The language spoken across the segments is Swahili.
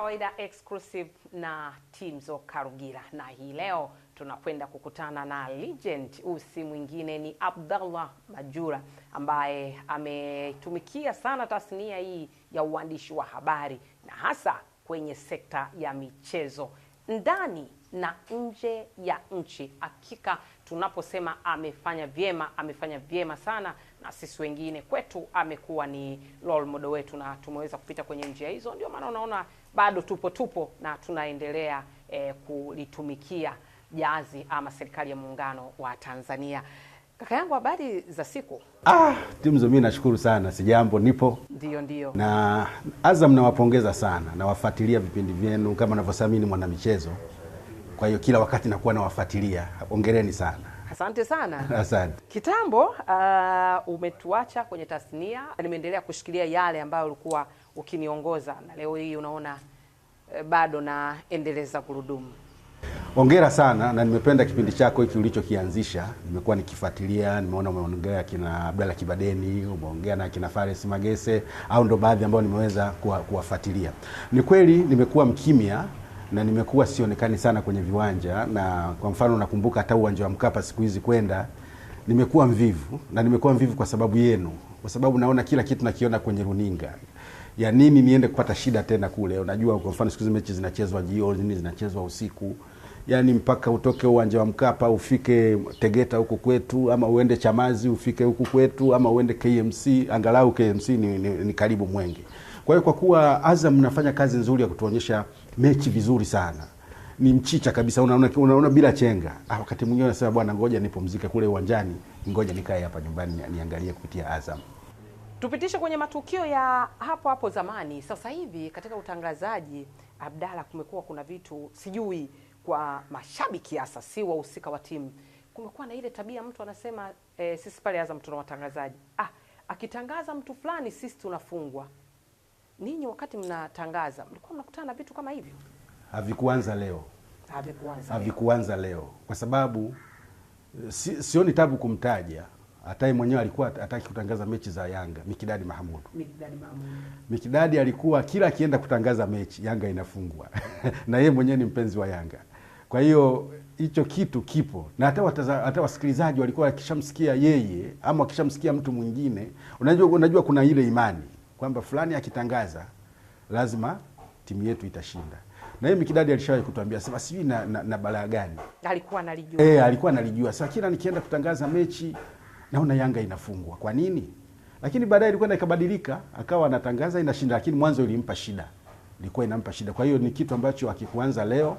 kawaida exclusive na Timzo Karugira, na hii leo tunakwenda kukutana na legend, usi mwingine ni Abdallah Majura ambaye ametumikia sana tasnia hii ya uandishi wa habari na hasa kwenye sekta ya michezo ndani na nje ya nchi. Hakika tunaposema amefanya vyema, amefanya vyema sana, na sisi wengine kwetu amekuwa ni lol model wetu, na tumeweza kupita kwenye njia hizo, ndio maana unaona bado tupo tupo na tunaendelea eh, kulitumikia jazi ama serikali ya muungano wa Tanzania. Kaka yangu, habari za siku? Ah, Timzo, mimi nashukuru sana, sijambo, nipo ndio ndio. Na Azam nawapongeza sana, nawafuatilia vipindi vyenu kama navyothamini mwanamichezo, kwa hiyo kila wakati nakuwa nawafuatilia. Hongereni sana. Asante sana. Asante. Kitambo uh, umetuacha kwenye tasnia, nimeendelea kushikilia yale ambayo ulikuwa ukiniongoza, na leo hii unaona eh, bado naendeleza kurudumu. Hongera sana na nimependa kipindi chako hiki ulichokianzisha, nimekuwa nikifuatilia. Nimeona umeongea kina Abdalla Kibadeni, umeongea na kina Fares Magese, au ndo baadhi ambao nimeweza kuwafuatilia. Ni kweli nimekuwa mkimya na nimekuwa sionekani sana kwenye viwanja, na kwa mfano nakumbuka hata uwanja wa Mkapa siku hizi kwenda nimekuwa mvivu, na nimekuwa mvivu kwa sababu yenu, kwa sababu naona kila kitu nakiona kwenye runinga, ya nini niende kupata shida tena kule. Unajua, kwa mfano siku hizi mechi zinachezwa jioni, zinachezwa usiku, yani mpaka utoke uwanja wa Mkapa ufike Tegeta huku kwetu, ama uende Chamazi ufike huku kwetu, ama uende KMC. Angalau KMC ni, ni, ni karibu Mwenge. Kwa hiyo kwa kuwa Azam mnafanya kazi nzuri ya kutuonyesha mechi vizuri sana ni mchicha kabisa, unaona unaona bila chenga. Ah, wakati mwingine unasema bwana, ngoja nipumzike kule uwanjani, ngoja nikae hapa nyumbani niangalie kupitia Azam. Tupitishe kwenye matukio ya hapo hapo zamani. Sasa hivi katika utangazaji Abdalla, kumekuwa kuna vitu sijui, kwa mashabiki hasa si wahusika wa timu, kumekuwa na ile tabia mtu anasema e, sisi pale Azam tuna watangazaji ah, akitangaza mtu fulani sisi tunafungwa. Ninyi wakati mnatangaza mlikuwa mnakutana na vitu kama hivyo? Havikuanza leo, havikuanza leo, kwa sababu eh, si, sioni tabu kumtaja Atai mwenyewe alikuwa ataki kutangaza mechi za Yanga, Mikidadi Mahamudu. Mikidadi Mahamudu, Mikidadi alikuwa kila akienda kutangaza mechi Yanga inafungwa na yeye mwenyewe ni mpenzi wa Yanga. Kwa hiyo hicho kitu kipo na hata hata wasikilizaji walikuwa wakishamsikia yeye ama wakishamsikia mtu mwingine. Unajua, unajua kuna ile imani kwamba fulani akitangaza lazima timu yetu itashinda na hiyo Mikidadi alishawahi kutuambia sema sijui na, na, na balaa gani alikuwa analijua. eh, alikuwa analijua. Sasa kila nikienda kutangaza mechi naona Yanga inafungwa. Kwa nini? Lakini baadaye ilikwenda ikabadilika, akawa anatangaza inashinda, lakini mwanzo ilimpa shida, ilikuwa inampa shida. Kwa hiyo ni kitu ambacho akikuanza leo,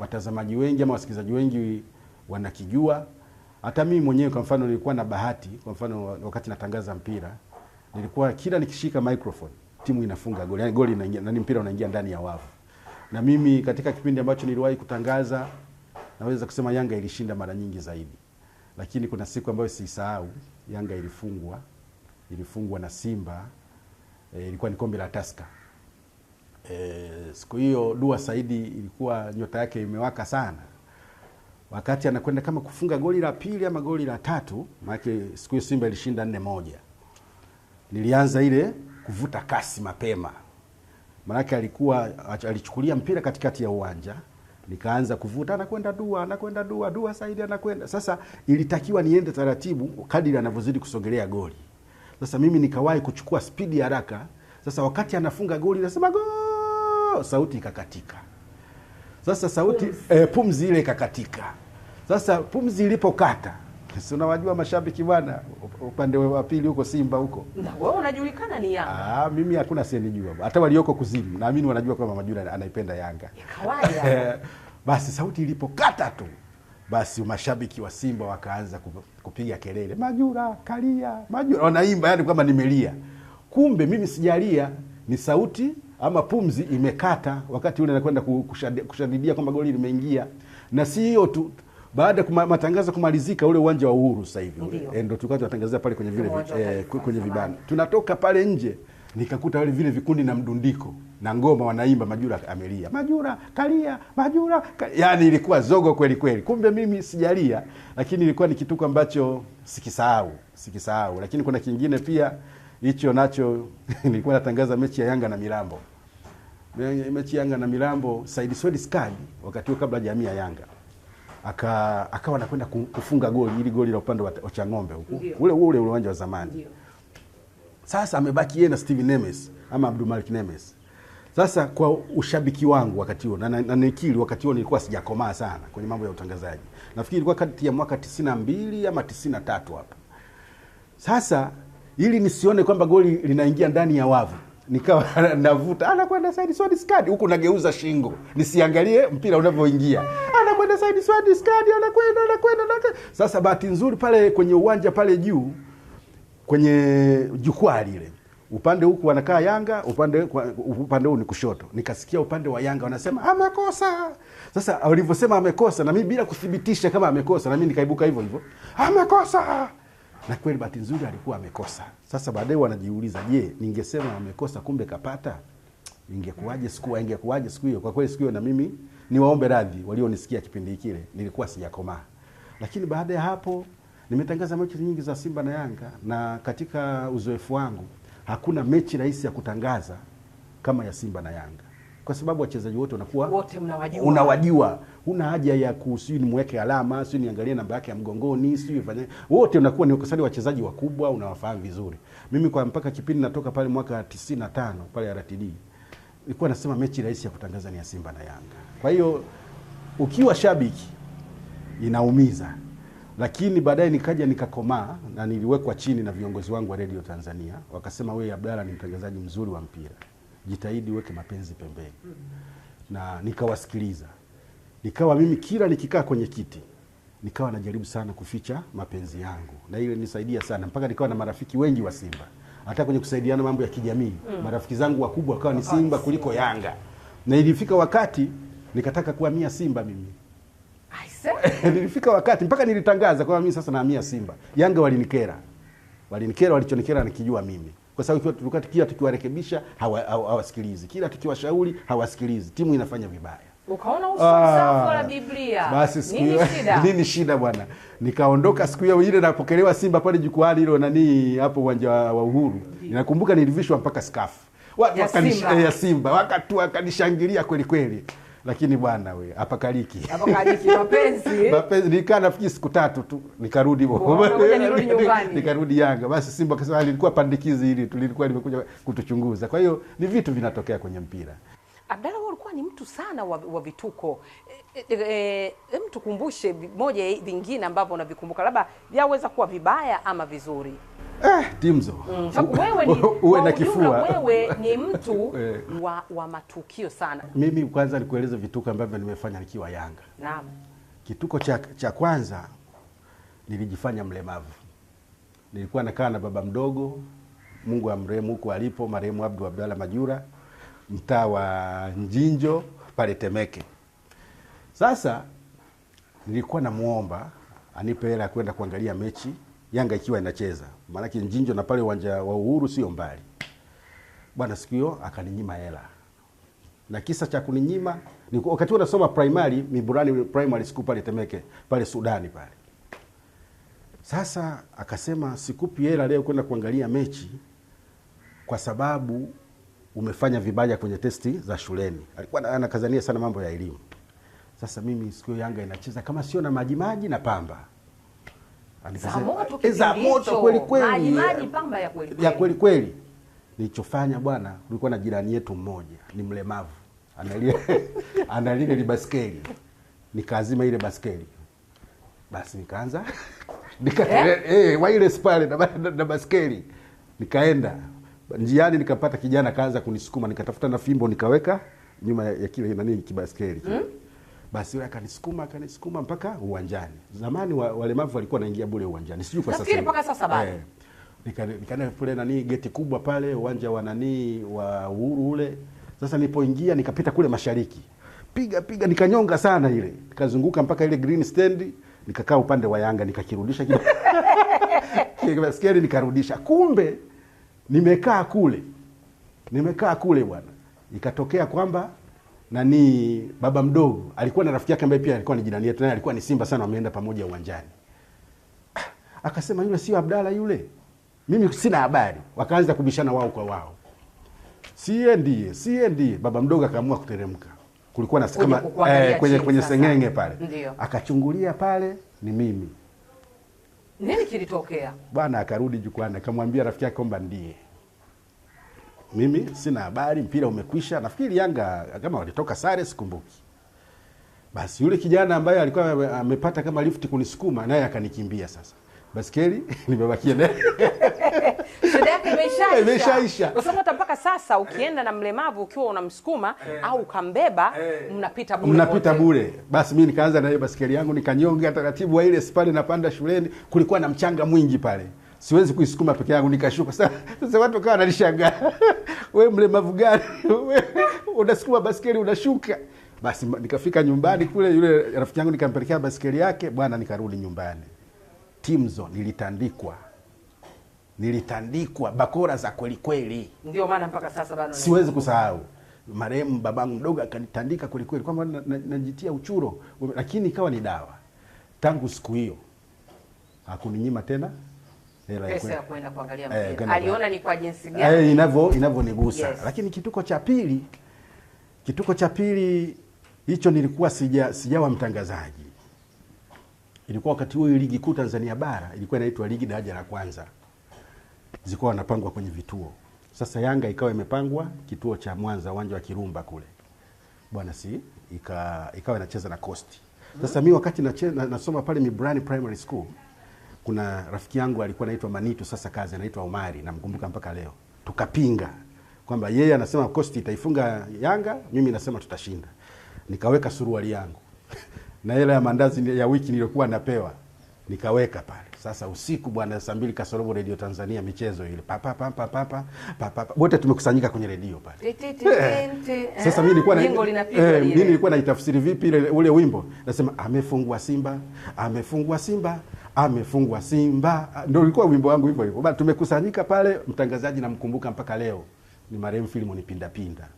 watazamaji wengi ama wasikilizaji wengi wanakijua. Hata mimi mwenyewe kwa mfano nilikuwa na bahati, kwa mfano wakati natangaza mpira nilikuwa kila nikishika microphone timu inafunga goli, yani goli inaingia, nani mpira unaingia ndani ya wavu. Na mimi katika kipindi ambacho niliwahi kutangaza, naweza kusema Yanga ilishinda mara nyingi zaidi lakini kuna siku ambayo siisahau, Yanga ilifungwa ilifungwa na Simba e, ilikuwa ni kombe la Taska. E, eh, siku hiyo Dua Saidi ilikuwa nyota yake imewaka sana, wakati anakwenda kama kufunga goli la pili ama goli la tatu, maana siku hiyo Simba ilishinda nne moja. Nilianza ile kuvuta kasi mapema, maana alikuwa alichukulia mpira katikati ya uwanja nikaanza kuvuta, anakwenda dua, anakwenda dua, dua Saidi anakwenda. Sasa ilitakiwa niende taratibu kadiri anavyozidi kusogelea goli. Sasa mimi nikawahi kuchukua spidi haraka. Sasa wakati anafunga goli nasema go, sauti ikakatika. Sasa sauti pumzi, eh, pumzi ile ikakatika. Sasa pumzi ilipokata si unawajua mashabiki bwana, upande wa pili huko Simba huko. Wewe unajulikana ni Yanga. Ah, mimi hakuna siyenijua, hata walioko kuzimu naamini wanajua kwamba Manula anaipenda Yanga kawaida. Basi sauti ilipokata tu basi mashabiki wa Simba wakaanza kupiga kelele, majura kalia, Manula wanaimba, yani kama nimelia, kumbe mimi sijalia, ni sauti ama pumzi imekata wakati ule nakwenda kushadidia kwamba goli limeingia, na si hiyo tu baada ya matangazo kumalizika, ule uwanja wa Uhuru sasa hivi ule ndio eh, tulikuwa tunatangazia pale kwenye vile eh, kwenye vibanda, tunatoka pale nje nikakuta wale vile vikundi na mdundiko na ngoma wanaimba, Majura amelia, Majura kalia, Majura kalia. Yani ilikuwa zogo kweli kweli. Kumbe mimi sijalia, lakini ilikuwa ni kituko ambacho sikisahau, sikisahau. Lakini kuna kingine pia hicho nacho nilikuwa natangaza mechi ya Yanga na Mirambo, mechi ya Yanga na Mirambo, Said Swedi Skadi wakati huo kabla jamii ya Yanga aka akawa anakwenda kufunga goli ili goli la upande wa cha ng'ombe huko ule ule ule uwanja wa zamani Ndiyo. Sasa amebaki yeye na Steve Nemes ama Abdul Malik Nemes. Sasa kwa ushabiki wangu wakati huo na, na nikili wakati huo nilikuwa sijakomaa sana kwenye mambo ya utangazaji. Nafikiri ilikuwa kati ya mwaka 92 ama 93 hapa. Sasa ili nisione kwamba goli linaingia ndani ya wavu, nikawa navuta anakwenda ah, side so discard huko nageuza shingo nisiangalie mpira unavyoingia. Ah, stadi stadi, anakwenda anakwenda. Sasa bahati nzuri pale kwenye uwanja pale juu kwenye jukwaa lile upande huku wanakaa Yanga, upande upande huu ni kushoto. Nikasikia upande wa Yanga wanasema amekosa. Sasa walivyosema amekosa, na mimi bila kuthibitisha kama amekosa, na mimi nikaibuka hivyo hivyo amekosa, na kweli bahati nzuri alikuwa amekosa. Sasa baadaye wanajiuliza, je, ningesema amekosa kumbe kapata, ingekuwaje siku ingekuwaje siku hiyo? Kwa kweli siku hiyo na mimi niwaombe radhi walionisikia kipindi kile, nilikuwa sijakomaa. Lakini baada ya hapo nimetangaza mechi nyingi za Simba na Yanga, na katika uzoefu wangu hakuna mechi rahisi ya kutangaza kama ya Simba na Yanga kwa sababu wachezaji wote wanakuwa wote mnawajua, unawajua. Una haja ya kusijui nimweke alama, sijui niangalie namba yake ya mgongoni, sijui fanye wote, unakuwa ni kusali wachezaji wakubwa, unawafahamu vizuri. Mimi kwa mpaka kipindi natoka pale mwaka 95 pale RTD ilikuwa nasema mechi rahisi ya kutangaza ni ya Simba na Yanga. Kwa hiyo ukiwa shabiki inaumiza, lakini baadaye nikaja nikakomaa na niliwekwa chini na viongozi wangu wa Radio Tanzania, wakasema wewe Abdalla ni mtangazaji mzuri wa mpira, jitahidi weke mapenzi pembeni, na nikawasikiliza. Nikawa mimi kila nikikaa kwenye kiti nikawa najaribu sana kuficha mapenzi yangu, na ile nisaidia sana mpaka nikawa na marafiki wengi wa Simba hata kwenye kusaidiana mambo ya kijamii mm. marafiki zangu wakubwa wakawa ni Simba kuliko Yanga, na ilifika wakati nikataka kuhamia Simba mimi nilifika wakati mpaka nilitangaza kwamba mimi sasa nahamia Simba. Yanga walinikera, walinikera, walichonikera nikijua mimi kwa sababu kila tukiwarekebisha hawasikilizi, hawa kila tukiwashauri hawasikilizi, timu inafanya vibaya. Ah, basi nini shida bwana? Nikaondoka siku hiyo ile napokelewa Simba pale jukwaa hilo nani hapo uwanja wa Uhuru. Ninakumbuka nilivishwa mpaka skafu. Watu eh, ya Simba wakatu akanishangilia kweli kweli. Lakini bwana we apakaliki. Apakaliki mapenzi. Eh? Mapenzi nikaa nafikiri siku tatu tu nikarudi nikarudi Yanga. Basi Simba kasema lilikuwa ah, pandikizi hili tu lilikuwa limekuja kutuchunguza. Kwa hiyo ni vitu vinatokea kwenye mpira. Abdalla alikuwa ulikuwa ni mtu sana wa, wa vituko. E, e, e, tukumbushe moja vingine ambavyo unavikumbuka labda vyaweza kuwa vibaya ama vizuri. Eh, Timzo. Mm. Wewe ni, uwe na Wewe ni mtu eh. wa, wa matukio sana. Mimi kwanza nikueleza vituko ambavyo nimefanya nikiwa Yanga. Naam. Kituko cha, cha kwanza nilijifanya mlemavu. Nilikuwa nakaa na baba mdogo, Mungu amrehemu huko alipo, marehemu Abdu Abdalla Majura mtaa wa Njinjo pale Temeke. Sasa nilikuwa namuomba anipe hela ya kwenda kuangalia mechi Yanga ikiwa inacheza, maanake Njinjo na pale uwanja wa Uhuru sio mbali bwana. Siku hiyo akaninyima hela, na kisa cha kuninyima ni wakati nasoma primary Miburani primary siku pale Temeke pale Sudani pale. Sasa akasema sikupi hela leo kwenda kuangalia mechi kwa sababu umefanya vibaya kwenye testi za shuleni. Alikuwa anakazania sana mambo ya elimu. Sasa mimi sikio Yanga inacheza kama sio na maji maji na Pamba za eh, moto kweli kweli ya kweli kweli. Nilichofanya bwana, kulikuwa na jirani yetu mmoja ni mlemavu, analia analia ni baskeli, nikaazima ile baskeli basi nikaanza nika eh, eh, eh wireless pale na, na, na baskeli nikaenda njiani nikapata kijana kaanza kunisukuma, nikatafuta na fimbo nikaweka nyuma ya kile nani kibaskeli mm. Basi wewe akanisukuma akanisukuma mpaka uwanjani. Zamani wa, walemavu walikuwa naingia bure uwanjani, sijui kwa sasa mpaka sasa bado eh. nikaenda nika pale nani geti kubwa pale uwanja wa nani wa Uhuru ule. Sasa nilipoingia nikapita kule mashariki, piga piga, nikanyonga sana ile, nikazunguka mpaka ile green stand, nikakaa upande wa Yanga, nikakirudisha kidogo kibaskeli nikarudisha, kumbe nimekaa kule nimekaa kule bwana, ikatokea kwamba nani, baba mdogo alikuwa na rafiki yake ambaye pia alikuwa ni jirani yetu, naye alikuwa ni Simba sana, wameenda pamoja uwanjani. Ah, akasema yule sio abdala yule, mimi sina habari. Wakaanza kubishana wao kwa wao, sie ndiye, sie ndiye. Baba mdogo akaamua kuteremka, kulikuwa na kama eh, kwenye, kwenye sengenge pale, akachungulia pale, ni mimi nini kilitokea? Bwana akarudi jukwani akamwambia rafiki yake kwamba ndiye mimi sina habari, mpira umekwisha. Nafikiri Yanga kama walitoka sare, sikumbuki. Basi yule kijana ambaye alikuwa amepata kama lifti kunisukuma, naye akanikimbia sasa baskeli nimebakia naye shida yake imeshaisha eh, kwa sababu hata mpaka sasa ukienda na mlemavu ukiwa unamsukuma eh. au ukambeba eh. mnapita bure, mnapita bure. Basi mimi nikaanza na hiyo baskeli yangu nikanyonga taratibu, ile spale napanda shuleni, kulikuwa na mchanga mwingi pale siwezi kuisukuma peke yangu, nikashuka. Sasa watu wakawa wananishangaa, we mlemavu gani? unasukuma baskeli unashuka? Basi nikafika nyumbani kule, yule rafiki yangu nikampelekea baskeli yake bwana, nikarudi nyumbani Timzo nilitandikwa, nilitandikwa bakora za kweli kweli, ndio maana mpaka sasa bado siwezi kusahau. Marehemu babangu mdogo akanitandika kweli kweli kwamba najitia na, na uchuro, lakini ikawa ni dawa. Tangu siku hiyo hakuninyima tena hela ya kwenda kuangalia eh, mpira. Aliona ni kwa jinsi gani eh, inavyo inavyonigusa. Yes. Lakini kituko cha pili, kituko cha pili hicho nilikuwa sija sijawa mtangazaji ilikuwa wakati huo ligi kuu Tanzania bara ilikuwa inaitwa ligi daraja la kwanza, zilikuwa wanapangwa kwenye vituo. Sasa Yanga ikawa imepangwa kituo cha Mwanza, uwanja wa Kirumba kule bwana, si ika, ikawa inacheza na Coast. Sasa mi wakati nacheza, na, nasoma pale Mibrani Primary School, kuna rafiki yangu alikuwa anaitwa Manito, sasa kazi anaitwa Omari, namkumbuka mpaka leo. Tukapinga kwamba yeye anasema Coast itaifunga Yanga, mimi nasema tutashinda. Nikaweka suruali yangu na hela ya mandazi ya wiki niliyokuwa napewa nikaweka pale. Sasa usiku bwana, saa mbili kasorobo, redio Tanzania michezo ile papa papa papa papa, wote tumekusanyika kwenye redio pale. Eh. Eh. Sasa mimi nilikuwa na eh, mimi nilikuwa naitafsiri vipi ile ule wimbo, nasema amefungwa Simba, amefungwa Simba amefungwa Simba, ah, ndio ilikuwa wimbo wangu hivyo hivyo. Bado tumekusanyika pale, mtangazaji namkumbuka mpaka leo ni marehemu Filimoni Pindapinda,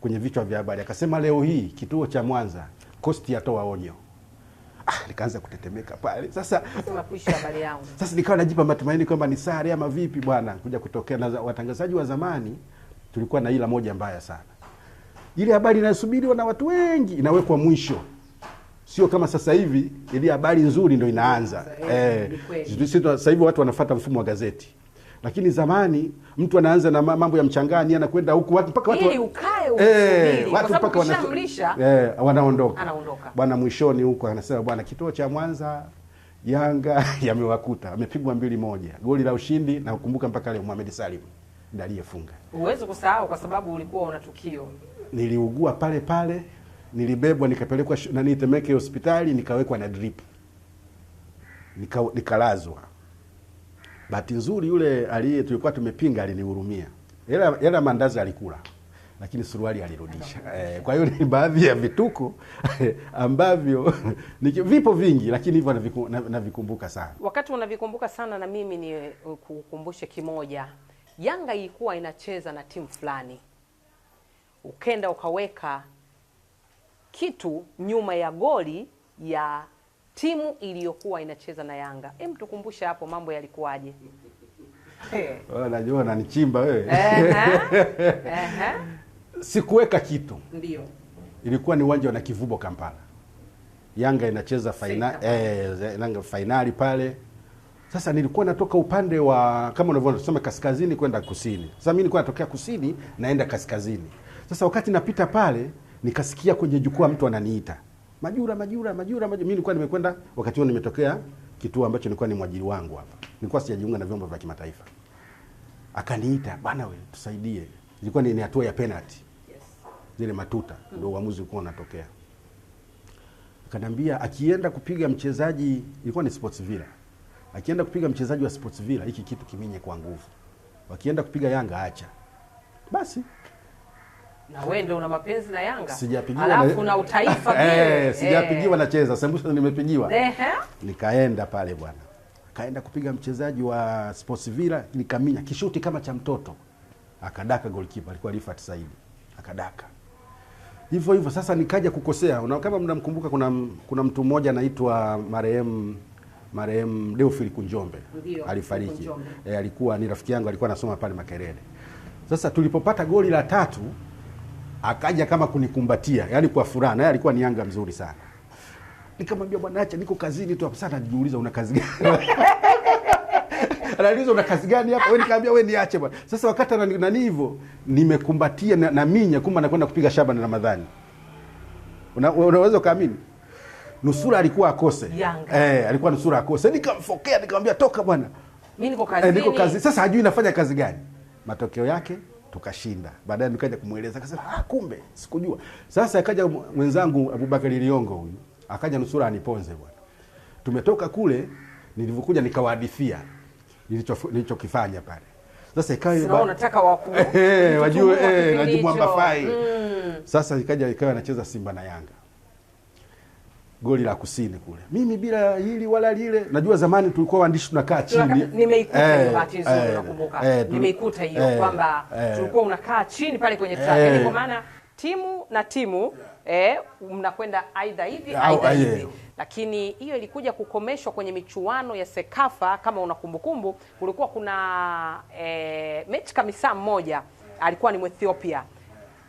kwenye vichwa vya habari akasema, leo hii kituo cha Mwanza Kosti atoa onyo. Ah, nikaanza kutetemeka pale. Sasa sasa nikawa najipa matumaini kwamba ni sare ama vipi bwana, kuja kutokea na watangazaji wa zamani. Tulikuwa na ila moja mbaya sana, ile habari inasubiriwa na watu wengi inawekwa mwisho Sio kama sasa hivi ili habari nzuri ndo inaanza. Sasa hivi eh, watu wanafata mfumo wa gazeti lakini zamani mtu anaanza na mambo ya mchangani anakwenda huku watu mpaka watu ili ukae eh, watu mpaka wanamlisha eh, wanaondoka anaondoka bwana mwishoni huko anasema bwana kituo cha Mwanza Yanga yamewakuta amepigwa mbili moja goli la ushindi na kukumbuka mpaka leo Mohamed Salim ndiye aliyefunga uwezo kusahau kwa sababu ulikuwa una tukio niliugua pale pale nilibebwa nikapelekwa nani Temeke hospitali nikawekwa na drip nikalazwa Bahati nzuri yule aliye tulikuwa tumepinga alinihurumia. Hela mandazi alikula. Lakini suruali alirudisha. Eh, kwa hiyo ni baadhi ya vituko ambavyo vipo vingi lakini hivyo navikumbuka sana. Wakati unavikumbuka sana na mimi ni eh, kukumbushe kimoja. Yanga ilikuwa inacheza na timu fulani. Ukenda ukaweka kitu nyuma ya goli ya timu iliyokuwa inacheza na Yanga. Hem, tukumbusha hapo mambo yalikuwaje? najua unanichimba wewe. Sikuweka kitu. Ndio. Ilikuwa ni uwanja na Kivubo Kampala. Yanga inacheza fainali eh, Yanga pale. Sasa nilikuwa natoka upande wa kama unavyoona tuseme kaskazini kwenda kusini. Sasa mimi nilikuwa natokea kusini naenda kaskazini. Sasa wakati napita pale nikasikia kwenye jukwaa mtu ananiita. Majura, Majura, Majura, Majura. Mimi nilikuwa nimekwenda wakati huo, nimetokea kituo ambacho nilikuwa ni mwajiri wangu hapa, nilikuwa sijajiunga na vyombo vya kimataifa. Akaniita bwana, we tusaidie, ilikuwa ni hatua ya penalty yes. zile matuta hmm. ndio uamuzi ulikuwa unatokea. akanambia akienda kupiga mchezaji, ilikuwa ni Sports Villa, akienda kupiga mchezaji wa Sports Villa, hiki kitu kiminye kwa nguvu, wakienda kupiga Yanga acha basi na wewe ndio una mapenzi na Yanga. Sijapigiwa alafu na utaifa pia. Eh, eh. sijapigiwa eh, nacheza. Sembusha nimepigiwa. Ehe. Nikaenda pale bwana. Kaenda kupiga mchezaji wa Sports Villa nikaminya kishuti kama cha mtoto. Akadaka goalkeeper alikuwa Rifat Saidi. Akadaka. Hivyo hivyo sasa nikaja kukosea. Una kama mnamkumbuka kuna kuna mtu mmoja anaitwa marehemu marehemu Deofil Kunjombe. Ndiyo, alifariki. Kunjombe. E, alikuwa ni rafiki yangu alikuwa anasoma pale Makerere. Sasa tulipopata goli la tatu akaja kama kunikumbatia, yani kwa furaha, naye alikuwa ni Yanga mzuri sana. Nikamwambia bwana, acha niko kazini tu hapa. sana anajiuliza una kazi gani? Analiza una kazi gani hapa wewe? Nikamwambia wewe niache bwana. Sasa wakati na nani hivyo nimekumbatia na, na minya, kumba nakwenda kupiga shaba na Ramadhani. Una, unaweza kaamini? nusura alikuwa akose eh, alikuwa nusura akose. Nikamfokea nikamwambia toka bwana, mimi niko kazini, eh, niko kazini. Sasa hajui nafanya kazi gani. Matokeo yake tukashinda. Baadaye nikaja kumweleza akasema, ah, kumbe sikujua. Sasa akaja mwenzangu Abubakari Liongo huyu akaja nusura aniponze bwana. Tumetoka kule, nilivyokuja nikawadithia nilichokifanya pale. Sasa ikawa unataka wajue eh, Mbafai. Mm. Sasa ikaja ikawa anacheza Simba na Yanga goli la kusini kule. Mimi bila hili wala lile, najua zamani tulikuwa waandishi tunakaa chini. Nimeikuta eh, hiyo bahati nzuri, eh, nakumbuka eh, nimeikuta hiyo kwamba tulikuwa unakaa chini pale kwenye track, eh, yaani kwa maana timu na timu eh, mnakwenda aidha hivi aidha hivi, lakini hiyo ilikuja kukomeshwa kwenye michuano ya Sekafa. Kama unakumbukumbu, kulikuwa kuna eh, mechi kamisa mmoja alikuwa ni Mwethiopia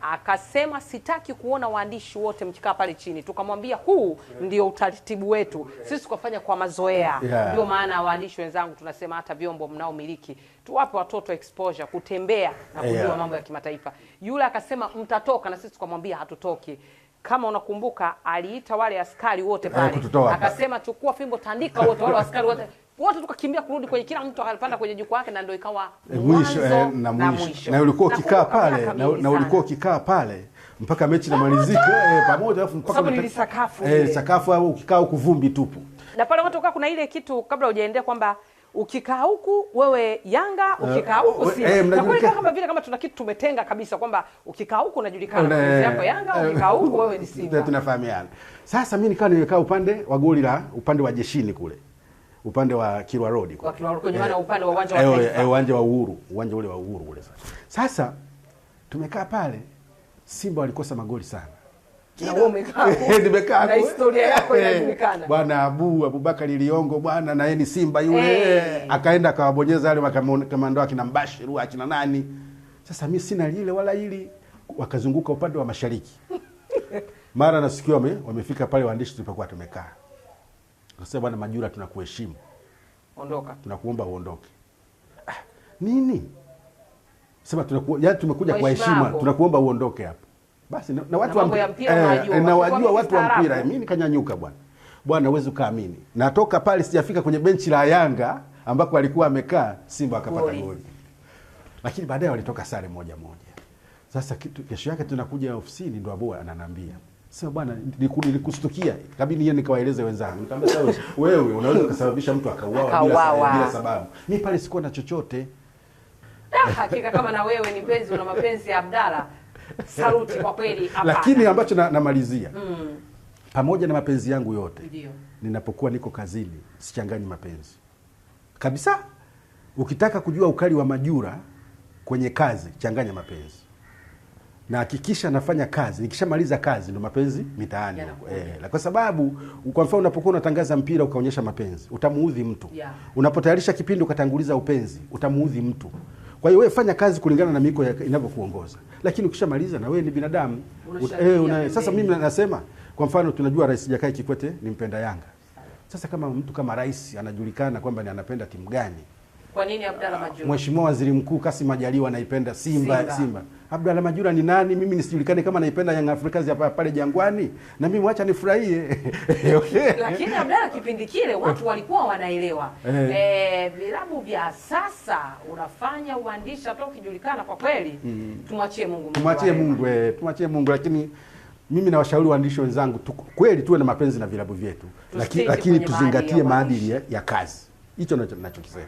akasema sitaki kuona waandishi wote mkikaa pale chini. Tukamwambia huu ndio utaratibu wetu, sisi tukafanya kwa mazoea yeah. Ndio maana waandishi wenzangu tunasema hata vyombo mnaomiliki tuwape watoto exposure, kutembea na kujua yeah. mambo ya kimataifa. Yule akasema mtatoka, na sisi tukamwambia hatutoki kama unakumbuka aliita wale askari wote pale, akasema chukua fimbo, tandika wote wale askari wote wote tukakimbia kurudi kwenye, kila mtu akapanda kwenye jukwaa yake, na ndio ikawa eh, mwisho eh, na mwisho. Na ulikuwa ukikaa pale na ulikuwa ukikaa pale mpaka mechi inamalizika eh, pamoja alafu mpaka sababu sakafu eh, sakafu au ukikaa huku vumbi tupu. Na pale watu kuna ile kitu kabla hujaendea kwamba ukikaa huku wewe Yanga, eh, ukikaa huku oh, Simba. Eh, mnajulikana kama vile kama tuna kitu tumetenga kabisa kwamba ukikaa huku unajulikana yako Yanga, ukikaa huku wewe ni Simba. Tunafahamiana. Sasa mimi nikawa nimekaa upande wa goli la upande wa jeshini kule upande wa Kilwa Road kwa Kilwa Road kwenye eh, upande wa uwanja wa eh, Taifa, eh, uwanja wa Uhuru, uwanja ule wa Uhuru ule. Sasa sasa tumekaa pale, Simba walikosa magoli sana Bwana Abu Abubakari Liongo bwana na yeye ni Simba yule hey. Akaenda akawabonyeza wale makamanda wake na Mbashiru akina nani. Sasa mi sina lile wala hili, wakazunguka upande wa mashariki mara nasikia wame, wamefika pale waandishi tulipokuwa tumekaa Akasema Bwana Majura, tunakuheshimu, ondoka, tunakuomba uondoke. Ah, nini sema tunaku, yani tumekuja kwa heshima, tunakuomba uondoke hapa basi. Na, na watu wa mpira, mpira eh, eh na wajua watu wa mpira. Mimi nikanyanyuka bwana bwana, huwezi ukaamini, natoka pale sijafika kwenye benchi la Yanga ambako alikuwa amekaa Simba akapata goli, lakini baadaye walitoka sare moja moja. Sasa kitu kesho yake tunakuja ofisini, ndo Aboa ananambia sasa bwana, nilikustukia, ikabidi hiyo nikawaeleze wenzangu. Nikamwambia sasa, wewe unaweza kusababisha mtu akauawa bila, bila sababu. Mimi pale sikuwa na chochote. Ah, hakika kama na wewe ni mpenzi una mapenzi ya Abdalla. Saluti kwa kweli hapa. Lakini ambacho namalizia na mm. pamoja na mapenzi yangu yote ndio ninapokuwa niko kazini sichanganyi mapenzi kabisa. Ukitaka kujua ukali wa Majura kwenye kazi, changanya mapenzi na hakikisha nafanya kazi, nikishamaliza kazi ndo mapenzi mitaani yeah, eh, Kwa sababu kwa mfano unapokuwa unatangaza mpira ukaonyesha mapenzi utamuudhi mtu yeah. Unapotayarisha kipindi ukatanguliza upenzi utamuudhi mtu. Kwa hiyo wewe fanya kazi kulingana na miko inavyokuongoza, lakini ukishamaliza na wewe ni binadamu eh, una, sasa mimi nasema kwa mfano tunajua Rais Jakaya Kikwete ni mpenda Yanga. Sasa kama mtu kama rais anajulikana kwamba ni anapenda timu gani kwa nini Abdalla Majura? Mheshimiwa Waziri Mkuu Kassim Majaliwa anaipenda Simba, Simba. Simba. Abdalla Majura ni nani? Mimi nisijulikane kama naipenda Young Africans hapa pale Jangwani, na mimi wacha nifurahie. Lakini Abdalla, kipindi kile watu walikuwa wanaelewa eh. eh, vilabu vya sasa unafanya uandishi hata ukijulikana, kwa kweli mm. Tumwachie Mungu, tumwachie Mungu, eh, tumwachie Mungu, lakini mimi nawashauri waandishi wenzangu tu, kweli tuwe na mapenzi na vilabu vyetu, lakini, lakini tuzingatie maadili ya, ya kazi. Hicho ninachokisema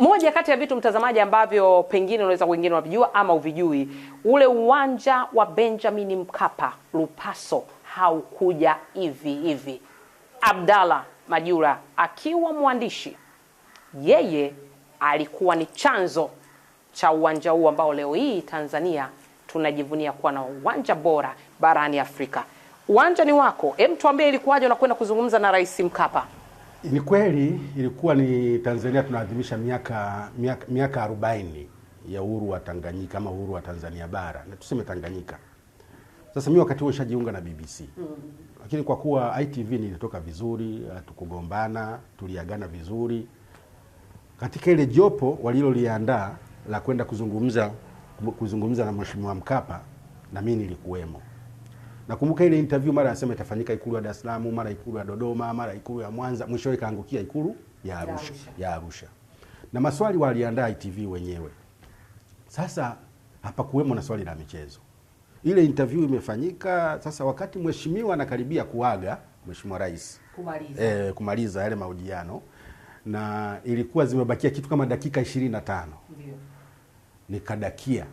moja kati ya vitu mtazamaji ambavyo pengine unaweza wengine wavijua ama uvijui, ule uwanja wa Benjamin Mkapa Lupaso haukuja hivi hivi. Abdalla Majura akiwa mwandishi, yeye alikuwa ni chanzo cha uwanja huu ambao leo hii Tanzania tunajivunia kuwa na uwanja bora barani Afrika. Uwanja ni wako, hem, tuambie ilikuwaje unakwenda kuzungumza na Rais Mkapa? Ni kweli ilikuwa ni Tanzania tunaadhimisha miaka miaka, 40 ya uhuru wa Tanganyika ama uhuru wa Tanzania bara na tuseme Tanganyika. Sasa mimi wakati huo nishajiunga na BBC mm. Lakini kwa kuwa ITV nilitoka vizuri, tukugombana, tuliagana vizuri katika ile jopo waliloliandaa la kwenda kuzungumza kuzungumza na Mheshimiwa Mkapa, na mimi nilikuwemo. Nakumbuka ile interview mara anasema itafanyika ikulu ya Dar es Salaam, mara ikulu ya Dodoma, mara ikulu ya Mwanza, mwisho ikaangukia ikulu ya Arusha, ya Arusha. Na maswali waliandaa ITV wenyewe. Sasa hapa kuwemo na swali la michezo. Ile interview imefanyika sasa, wakati mheshimiwa anakaribia kuaga, mheshimiwa rais kumaliza, e, kumaliza yale mahojiano, na ilikuwa zimebakia kitu kama dakika 25 ndio nikadakia,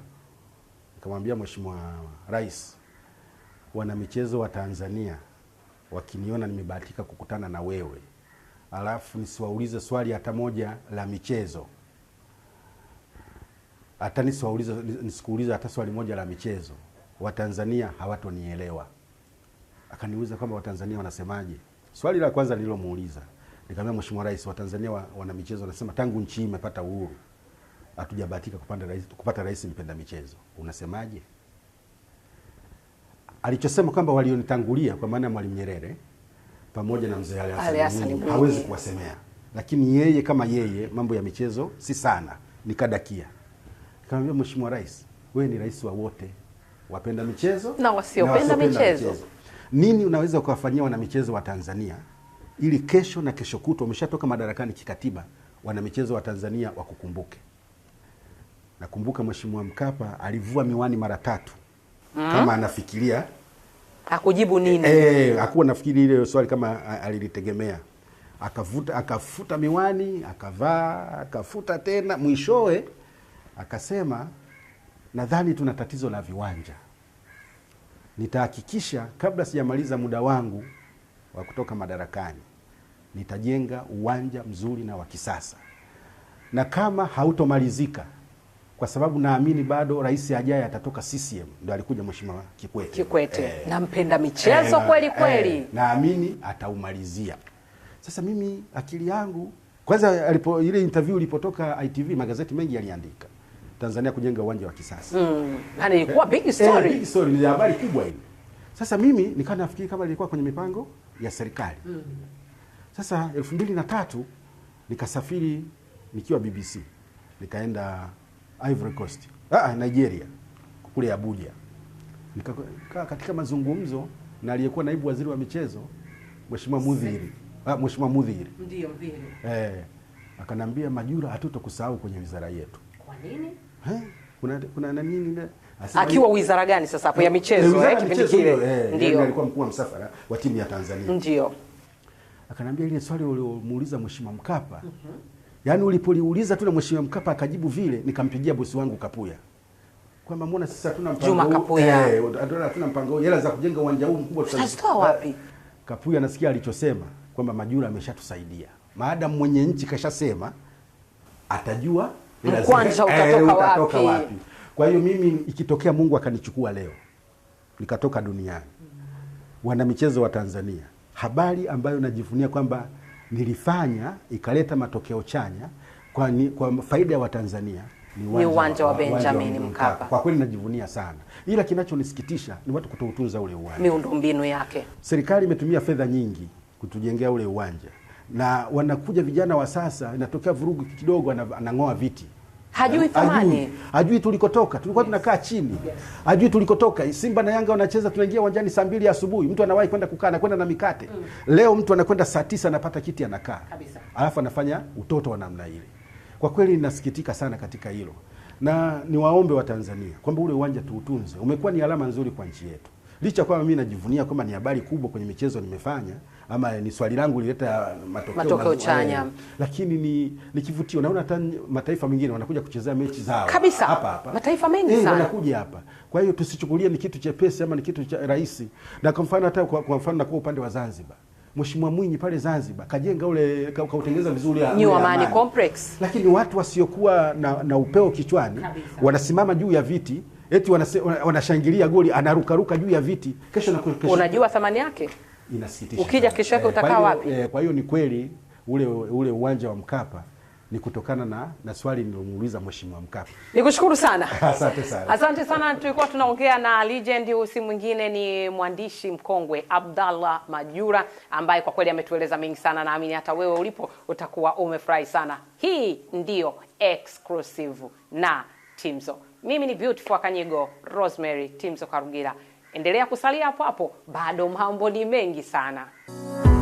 nikamwambia mheshimiwa rais wanamichezo wa Tanzania wakiniona nimebahatika kukutana na wewe, alafu nisiwaulize swali hata moja la michezo, hata nisiwaulize nisikuulize hata swali moja la michezo, Watanzania hawatonielewa. Akaniuliza kwamba Watanzania wanasemaje. Swali la kwanza nililomuuliza nikamwambia, Mheshimiwa Rais, Watanzania wa, wana michezo wanasema tangu nchi hii imepata uhuru hatujabahatika kupata rais mpenda michezo, unasemaje? alichosema kwamba walionitangulia kwa maana ya Mwalimu Nyerere pamoja na Mzee Ali Hassan hawezi kuwasemea, lakini yeye kama yeye mambo ya michezo si sana. Nikadakia nikamwambia, Mheshimiwa Rais, wewe ni rais wa wote, wapenda michezo na wasiopenda michezo. michezo Nini unaweza kuwafanyia wana michezo wa Tanzania ili kesho na kesho kutwa, umeshatoka madarakani kikatiba, wana michezo wa Tanzania wakukumbuke. Nakumbuka Mheshimiwa Mkapa alivua miwani mara tatu mm. kama anafikiria hakujibu nini? Eh, hakuwa nafikiri ile swali kama alilitegemea. Akavuta akafuta miwani, akavaa, akafuta tena, mwishowe akasema nadhani tuna tatizo la viwanja. Nitahakikisha kabla sijamaliza muda wangu wa kutoka madarakani, nitajenga uwanja mzuri na wa kisasa, na kama hautomalizika kwa sababu naamini bado rais ajaye atatoka CCM, ndio alikuja mheshimiwa Kikwete. Kikwete eh, nampenda michezo eh, kweli kweli eh, naamini ataumalizia. Sasa mimi akili yangu kwanza, alipo ile interview ilipotoka ITV, magazeti mengi yaliandika Tanzania kujenga uwanja wa kisasa mm, ilikuwa big eh, story. eh, big story ni habari kubwa ile. Sasa mimi nikawa nafikiri kama ilikuwa kwenye mipango ya serikali mm. Sasa elfu mbili na tatu nikasafiri nikiwa BBC nikaenda Ivory Coast, ah, ah, Nigeria kule Abuja. Nikakaa katika mazungumzo na aliyekuwa naibu waziri wa michezo Mheshimiwa Mudhiri. Ah, Mheshimiwa Mudhiri. Ndio, Mudhiri. Eh, akanambia Majura, hatutokusahau kwenye wizara yetu. Kwa nini? Eh, kuna kuna na nini? na Akiwa wizara gani sasa hapo ya eh, michezo eh, kipindi kile? Eh, ndio. Alikuwa mkuu wa msafara wa timu ya Tanzania. Ndio. Akanambia ile swali uliomuuliza Mheshimiwa Mkapa. Mm -hmm Yaani ulipoliuliza tu na Mheshimiwa Mkapa akajibu vile, nikampigia bosi wangu Kapuya kwamba mbona sisi hatuna mpango eh, hatuna mpango huu, hela za kujenga uwanja huu mkubwa tutazitoa wapi? Kapuya nasikia alichosema kwamba Majura ameshatusaidia, maadamu mwenye nchi kashasema atajua mkwanja utatoka, eh, utatoka wapi. wapi. Kwa hiyo mimi ikitokea Mungu akanichukua leo nikatoka duniani, wana michezo wa Tanzania, habari ambayo najivunia kwamba nilifanya ikaleta matokeo chanya kwa, ni, kwa faida ya Watanzania ni uwanja wa, wa Benjamin Mkapa. Kwa kweli najivunia sana, ila kinachonisikitisha ni watu kutoutunza ule uwanja, miundombinu yake. Serikali imetumia fedha nyingi kutujengea ule uwanja na wanakuja vijana wa sasa, inatokea vurugu kidogo, anang'oa viti hajui thamani, hajui tulikotoka. Tulikuwa yes. tunakaa chini, hajui tulikotoka. Simba na Yanga wanacheza, tunaingia uwanjani saa mbili asubuhi, mtu anawahi kwenda kukaa, anakwenda na mikate mm. Leo mtu anakwenda saa tisa anapata kiti anakaa, alafu anafanya utoto wa namna ile. Kwa kweli inasikitika sana katika hilo, na ni waombe wa tanzania kwamba ule uwanja tuutunze, umekuwa ni alama nzuri kwa nchi yetu, licha kwamba mimi najivunia kwamba ni habari kubwa kwenye michezo nimefanya ama ni swali langu lileta matokeo, matokeo chanya, eh, lakini ni, ni kivutio. Naona hata mataifa mengine wanakuja kuchezea mechi zao kabisa hapa hapa, mataifa mengi e, sana wanakuja hapa. Kwa hiyo tusichukulie ni kitu chepesi ama ni kitu cha rahisi, na kwa mfano hata kwa, kwa mfano na kwa upande wa Zanzibar Mheshimiwa Mwinyi pale Zanzibar kajenga ule kautengeneza vizuri ya New Amani Complex, lakini watu wasiokuwa na, na upeo kichwani kabisa, wanasimama juu ya viti eti wanashangilia goli, anarukaruka juu ya viti. Kesho na kesho, unajua thamani yake inasikitisha. Ukija kesho yake eh, utakaa wapi? Eh, kwa hiyo ni kweli ule ule uwanja wa Mkapa ni kutokana na na swali nilomuuliza mheshimiwa Mkapa. Nikushukuru sana. Asante sana. Asante sana. Tulikuwa tunaongea na legend, si mwingine ni mwandishi mkongwe Abdallah Majura ambaye kwa kweli ametueleza mengi sana, naamini hata wewe ulipo utakuwa umefurahi sana. Hii ndiyo exclusive na Timzo. Mimi ni Beautiful Kanyigo, Rosemary Timzo Karugira. Endelea kusalia hapo hapo, bado mambo ni mengi sana.